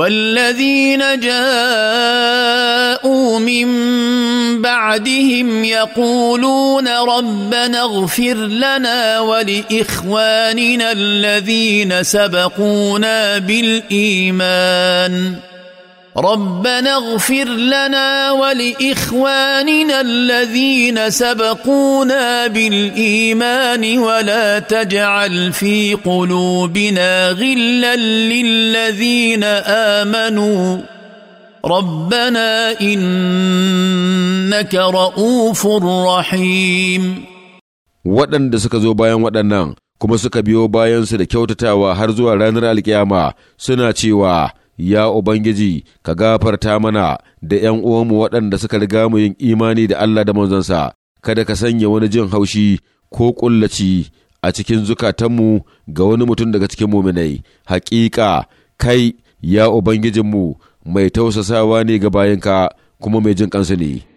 والذين جاءوا من بعدهم يقولون ربنا اغفر لنا ولاخواننا الذين سبقونا بالايمان ربنا اغفر لنا ولاخواننا الذين سبقونا بالايمان ولا تجعل في قلوبنا غلا للذين امنوا ربنا انك رؤوف رحيم waɗanda suka zo bayan waɗannan kuma suka biyo bayansu da kyautatawa har zuwa ranar alkiyama suna cewa Ya Ubangiji, ka gafarta mana da ’yan uwanmu waɗanda suka riga mu yin imani da Allah da manzansa, kada ka sanya wani jin haushi ko ƙullaci a cikin zukatanmu ga wani mutum daga cikin muminai. Hakika, kai, ya Ubangijinmu, mai tausasawa ne ga bayanka kuma mai jin kansu ne.